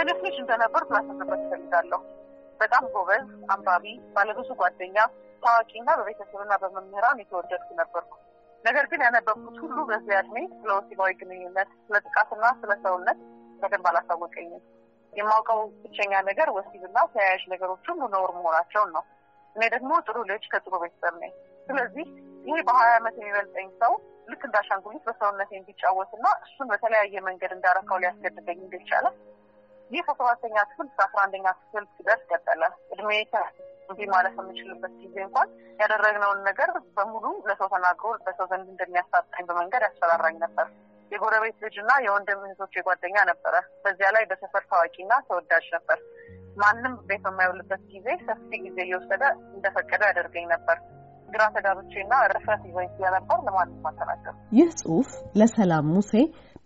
አይነት ልጅ እንደነበር ላሰንበት እፈልጋለሁ። በጣም ጎበዝ፣ አንባቢ፣ ባለብዙ ጓደኛ፣ ታዋቂና በቤተሰብና በመምህራን የተወደድኩ ነበርኩ። ነገር ግን ያነበብኩት ሁሉ በዚያ እድሜ ስለ ወሲባዊ ግንኙነት፣ ስለ ጥቃትና ስለ ሰውነት በደንብ አላሳወቀኝም። የማውቀው ብቸኛ ነገር ወሲብና ተያያዥ ነገሮች ሁሉ ነውር መሆናቸውን ነው። እኔ ደግሞ ጥሩ ልጅ ከጥሩ ቤተሰብ ነኝ። ስለዚህ ይሄ በሀያ ዓመት የሚበልጠኝ ሰው ልክ እንዳሻንጉሊት በሰውነት እንዲጫወትና እሱን በተለያየ መንገድ እንዳረካው ሊያስገድገኝ እንደቻለ ይህ ከሰባተኛ ክፍል እስከ አስራ አንደኛ ክፍል ድረስ ቀጠለ። እድሜ እንዲህ ማለፍ የምችልበት ጊዜ እንኳን ያደረግነውን ነገር በሙሉ ለሰው ተናግሮ ለሰው ዘንድ እንደሚያሳጣኝ በመንገድ ያስፈራራኝ ነበር። የጎረቤት ልጅና የወንድም እህቶች የጓደኛ ነበረ። በዚያ ላይ በሰፈር ታዋቂና ተወዳጅ ነበር። ማንም ቤት በማይውልበት ጊዜ ሰፊ ጊዜ እየወሰደ እንደፈቀደ ያደርገኝ ነበር። ግራ ተጋብቼና ረፍረት ይዘኝ ስለነበር ለማንም አልተናገርኩም። ይህ ጽሁፍ ለሰላም ሙሴ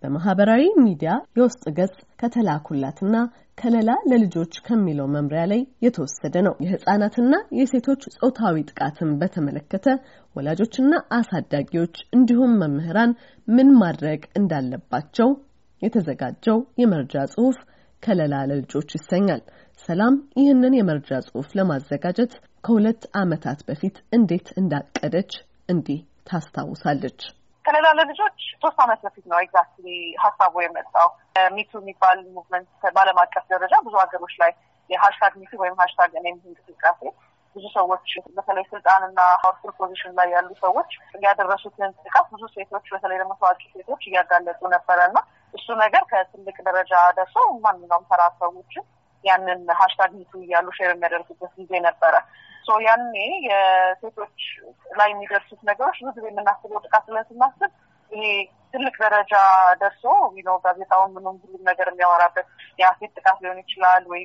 በማህበራዊ ሚዲያ የውስጥ ገጽ ከተላኩላትና ከለላ ለልጆች ከሚለው መምሪያ ላይ የተወሰደ ነው። የህጻናትና የሴቶች ጾታዊ ጥቃትን በተመለከተ ወላጆችና አሳዳጊዎች እንዲሁም መምህራን ምን ማድረግ እንዳለባቸው የተዘጋጀው የመርጃ ጽሑፍ ከለላ ለልጆች ይሰኛል። ሰላም ይህንን የመርጃ ጽሑፍ ለማዘጋጀት ከሁለት ዓመታት በፊት እንዴት እንዳቀደች እንዲህ ታስታውሳለች። ከሌላ ለልጆች ሶስት አመት በፊት ነው ኤግዛክትሊ ሀሳቡ የመጣው። ሚቱ የሚባል ሙቭመንት በአለም አቀፍ ደረጃ ብዙ ሀገሮች ላይ የሀሽታግ ሚቱ ወይም ሀሽታግ እኔም እንቅስቃሴ ብዙ ሰዎች በተለይ ስልጣንና ፓወርፉል ፖዚሽን ላይ ያሉ ሰዎች ያደረሱትን ጥቃት ብዙ ሴቶች በተለይ ደግሞ ታዋቂ ሴቶች እያጋለጡ ነበረና እሱ ነገር ከትልቅ ደረጃ ደርሶ ማንኛውም ተራ ሰዎችን ያንን ሀሽታግ ሚቱ እያሉ ሼር የሚያደርጉበት ጊዜ ነበረ። ያኔ የሴቶች ላይ የሚደርሱት ነገሮች ብዙ ጊዜ የምናስበው ጥቃት ብለን ስናስብ ይሄ ትልቅ ደረጃ ደርሶ ነው ጋዜጣውን ምንም ሁሉም ነገር የሚያወራበት የአሴት ጥቃት ሊሆን ይችላል ወይ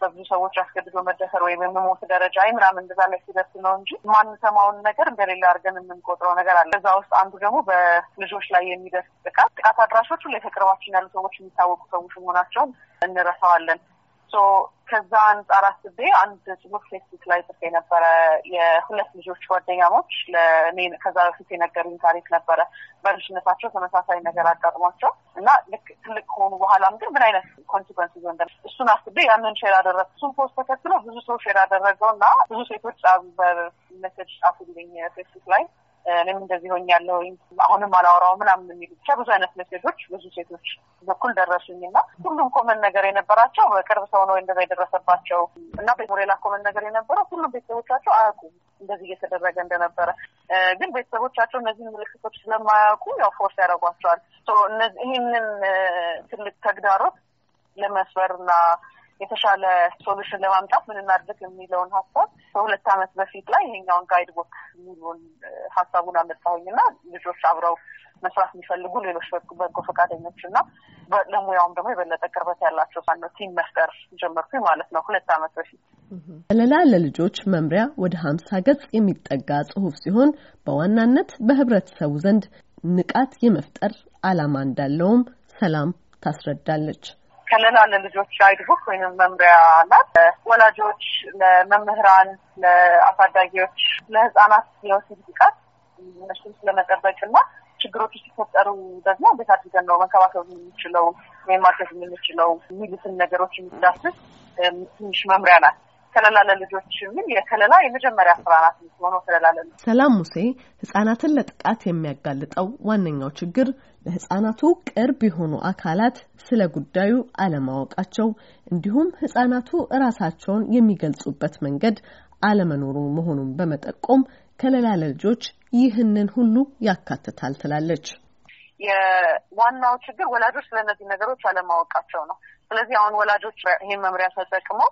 በብዙ ሰዎች አስገድዶ መደፈር ወይም የምሞት ደረጃ ይ ምናምን እንደዛ ላይ ሲደርስ ነው እንጂ ማንሰማውን ነገር እንደሌለ አድርገን የምንቆጥረው ነገር አለ። እዛ ውስጥ አንዱ ደግሞ በልጆች ላይ የሚደርስ ጥቃት ጥቃት አድራሾቹ ላይ ከቅርባችን ያሉ ሰዎች የሚታወቁ ሰዎች መሆናቸውን እንረሳዋለን። ሶ ከዛ አንጻር አስቤ አንድ ጽሁፍ ፌስቡክ ላይ ጽፌ ነበረ። የሁለት ልጆች ጓደኛሞች ለእኔ ከዛ በፊት የነገሩኝ ታሪክ ነበረ። በልጅነታቸው ተመሳሳይ ነገር አጋጥሟቸው እና ልክ ትልቅ ከሆኑ በኋላም ግን ምን አይነት ኮንሲኮንስ ይዞ እንደ እሱን አስቤ ያንን ሼር አደረግ እሱን ፖስት ተከትሎ ብዙ ሰው ሼር አደረገው እና ብዙ ሴቶች በመሰጅ ጻፉልኝ ፌስቡክ ላይ እኔም እንደዚህ ሆኛለሁኝ አሁንም አላወራው ምናምን የሚሉ ብቻ ብዙ አይነት ሜሴጆች ብዙ ሴቶች በኩል ደረሱኝና ሁሉም ኮመን ነገር የነበራቸው በቅርብ ሰው ነው እንደዛ የደረሰባቸው እና ሌላ ኮመን ነገር የነበረው ሁሉም ቤተሰቦቻቸው አያውቁም እንደዚህ እየተደረገ እንደነበረ። ግን ቤተሰቦቻቸው እነዚህን ምልክቶች ስለማያውቁ ያው ፎርስ ያደረጓቸዋል ይህንን ትልቅ ተግዳሮት ለመስበርና የተሻለ ሶሉሽን ለማምጣት ምን እናድርግ የሚለውን ሀሳብ ከሁለት ዓመት በፊት ላይ ይሄኛውን ጋይድ ቦክ የሚለውን ሀሳቡን አመጣሁኝና ልጆች አብረው መስራት የሚፈልጉ ሌሎች በጎ ፈቃደኞች እና ለሙያውም ደግሞ የበለጠ ቅርበት ያላቸው ሳነው ቲም መፍጠር ጀመርኩኝ ማለት ነው ሁለት አመት በፊት። ከለላ ለልጆች መምሪያ ወደ ሀምሳ ገጽ የሚጠጋ ጽሁፍ ሲሆን በዋናነት በህብረተሰቡ ዘንድ ንቃት የመፍጠር አላማ እንዳለውም ሰላም ታስረዳለች። ከለላ ለልጆች አይድቡክ ወይም መምሪያ አላት። ወላጆች ለመምህራን፣ ለአሳዳጊዎች፣ ለህጻናት የወሲብ ጥቃት እነሱም ስለመጠበቅ ስለመጠበቅና ችግሮች ሲፈጠሩ ደግሞ እንዴት አድርገን ነው መንከባከብ የምንችለው ወይም ማድረግ የምንችለው የሚሉትን ነገሮች የሚዳስስ ትንሽ መምሪያ ናት። ከለላ ለልጆች የሚል የከለላ የመጀመሪያ ስራ ናት የምትሆነው። ከለላ ለልጆች ሰላም ሙሴ ህጻናትን ለጥቃት የሚያጋልጠው ዋነኛው ችግር ለህጻናቱ ቅርብ የሆኑ አካላት ስለ ጉዳዩ አለማወቃቸው እንዲሁም ህጻናቱ እራሳቸውን የሚገልጹበት መንገድ አለመኖሩ መሆኑን በመጠቆም ከለላ ለልጆች ይህንን ሁሉ ያካትታል ትላለች። የዋናው ችግር ወላጆች እነዚህ ነገሮች አለማወቃቸው ነው። ስለዚህ አሁን ወላጆች ይህን መምሪያ ተጠቅመው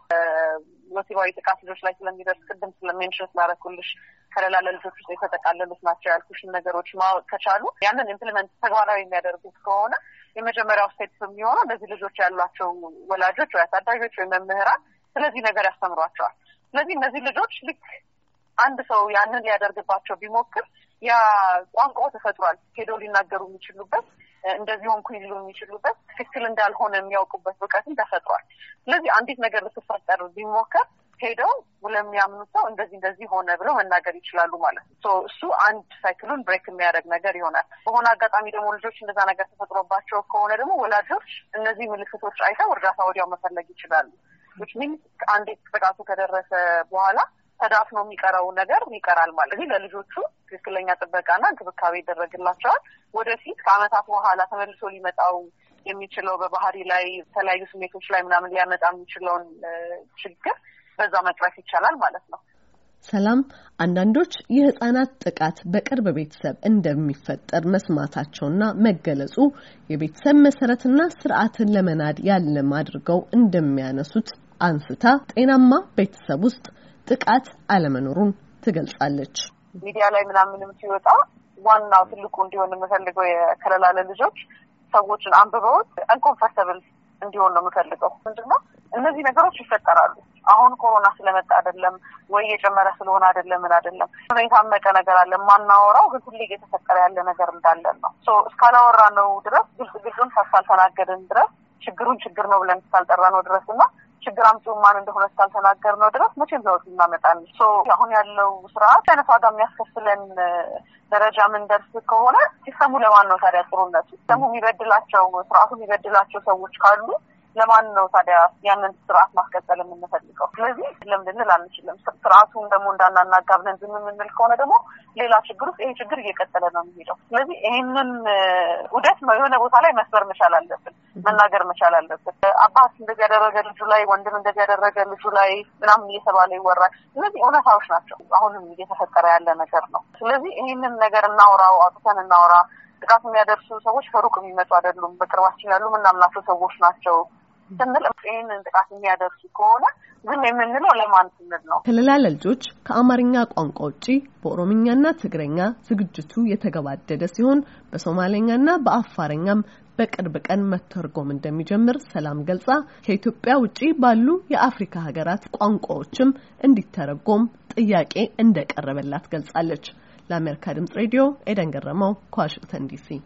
ወሲባዊ ጥቃት ልጆች ላይ ስለሚደርስ ቅድም ስለሜንሽን ስላረኩልሽ ከለላ ለልጆች ውስጥ የተጠቃለሉት ናቸው ያልኩሽን ነገሮች ማወቅ ከቻሉ ያንን ኢምፕሊመንት ተግባራዊ የሚያደርጉት ከሆነ የመጀመሪያው ስቴፕ የሚሆነው ለዚህ ልጆች ያሏቸው ወላጆች ወይ አሳዳጊዎች ወይ መምህራን ስለዚህ ነገር ያስተምሯቸዋል። ስለዚህ እነዚህ ልጆች ልክ አንድ ሰው ያንን ሊያደርግባቸው ቢሞክር ያ ቋንቋው ተፈጥሯል። ሄዶ ሊናገሩ የሚችሉበት እንደዚህ ሆንኩ ሊሉ የሚችሉበት ትክክል እንዳልሆነ የሚያውቁበት ብቃትም ተፈጥሯል። ስለዚህ አንዲት ነገር ልትፈጠር ቢሞከር ሄደው ብለው ለሚያምኑት ሰው እንደዚህ እንደዚህ ሆነ ብለው መናገር ይችላሉ ማለት ነው። እሱ አንድ ሳይክሉን ብሬክ የሚያደርግ ነገር ይሆናል። በሆነ አጋጣሚ ደግሞ ልጆች እንደዛ ነገር ተፈጥሮባቸው ከሆነ ደግሞ ወላጆች እነዚህ ምልክቶች አይተው እርዳታ ወዲያው መፈለግ ይችላሉ። ዊች ሚንስ አንዴ ጥቃቱ ከደረሰ በኋላ ተዳፍኖ የሚቀረው ነገር ይቀራል ማለት ነው። ለልጆቹ ትክክለኛ ጥበቃና እንክብካቤ ይደረግላቸዋል። ወደፊት ከዓመታት በኋላ ተመልሶ ሊመጣው የሚችለው በባህሪ ላይ የተለያዩ ስሜቶች ላይ ምናምን ሊያመጣ የሚችለውን ችግር በዛ መቅረፍ ይቻላል ማለት ነው። ሰላም አንዳንዶች የህጻናት ጥቃት በቅርብ ቤተሰብ እንደሚፈጠር መስማታቸውና መገለጹ የቤተሰብ መሰረትና ስርዓትን ለመናድ ያለም አድርገው እንደሚያነሱት አንስታ ጤናማ ቤተሰብ ውስጥ ጥቃት አለመኖሩን ትገልጻለች። ሚዲያ ላይ ምናምንም ሲወጣ ዋናው ትልቁ እንዲሆን የምፈልገው የከለላለ ልጆች ሰዎችን አንብበውት አንኮንፈርተብል እንዲሆን ነው የምፈልገው ምንድነው እነዚህ ነገሮች ይፈጠራሉ። አሁን ኮሮና ስለመጣ አይደለም ወይ የጨመረ ስለሆነ አይደለም ምን አይደለም የታመቀ ነገር አለ። የማናወራው ግን ሁሌ እየተፈጠረ ያለ ነገር እንዳለን ነው። እስካላወራ ነው ድረስ ግልጽ ግልጹን ሳልተናገርን ድረስ ችግሩን ችግር ነው ብለን ሳልጠራ ነው ድረስ እና ችግር አምጪው ማን እንደሆነ እስካልተናገር ነው ድረስ መቼም ለውጥ እናመጣለን። አሁን ያለው ስርዓት አይነት ዋጋ የሚያስከፍለን ደረጃ ምንደርስ ከሆነ ሲሰሙ ለማን ነው ታዲያ ጥሩነቱ? ሲስተሙ የሚበድላቸው ስርዓቱ የሚበድላቸው ሰዎች ካሉ ለማን ነው ታዲያ ያንን ስርዓት ማስቀጠል የምንፈልገው? ስለዚህ ለምንድንል አንችልም። ስርዓቱን ደግሞ እንዳናናጋ ብለን ዝም የምንል ከሆነ ደግሞ ሌላ ችግር ውስጥ ይሄ ችግር እየቀጠለ ነው የሚሄደው። ስለዚህ ይህንን ውደት የሆነ ቦታ ላይ መስበር መቻል አለብን፣ መናገር መቻል አለብን። አባት እንደዚህ ያደረገ ልጁ ላይ፣ ወንድም እንደዚህ ያደረገ ልጁ ላይ ምናምን እየተባለ ይወራል። እነዚህ እውነታዎች ናቸው፣ አሁንም እየተፈጠረ ያለ ነገር ነው። ስለዚህ ይህንን ነገር እናውራው፣ አውጥተን እናውራ። ጥቃት የሚያደርሱ ሰዎች ከሩቅ የሚመጡ አይደሉም፣ በቅርባችን ያሉ ምናምናቸው ሰዎች ናቸው። ስንል ይህንን ጥቃት የሚያደርሱ ከሆነ ዝም የምንለው ለማን ስንል ነው? ለልጆች ከአማርኛ ቋንቋ ውጪ በኦሮምኛና ትግረኛ ዝግጅቱ የተገባደደ ሲሆን በሶማሌኛና በአፋረኛም በቅርብ ቀን መተርጎም እንደሚጀምር ሰላም ገልጻ ከኢትዮጵያ ውጪ ባሉ የአፍሪካ ሀገራት ቋንቋዎችም እንዲተረጎም ጥያቄ እንደቀረበላት ገልጻለች። ለአሜሪካ ድምጽ ሬዲዮ ኤደን ገረመው ከዋሽንግተን ዲሲ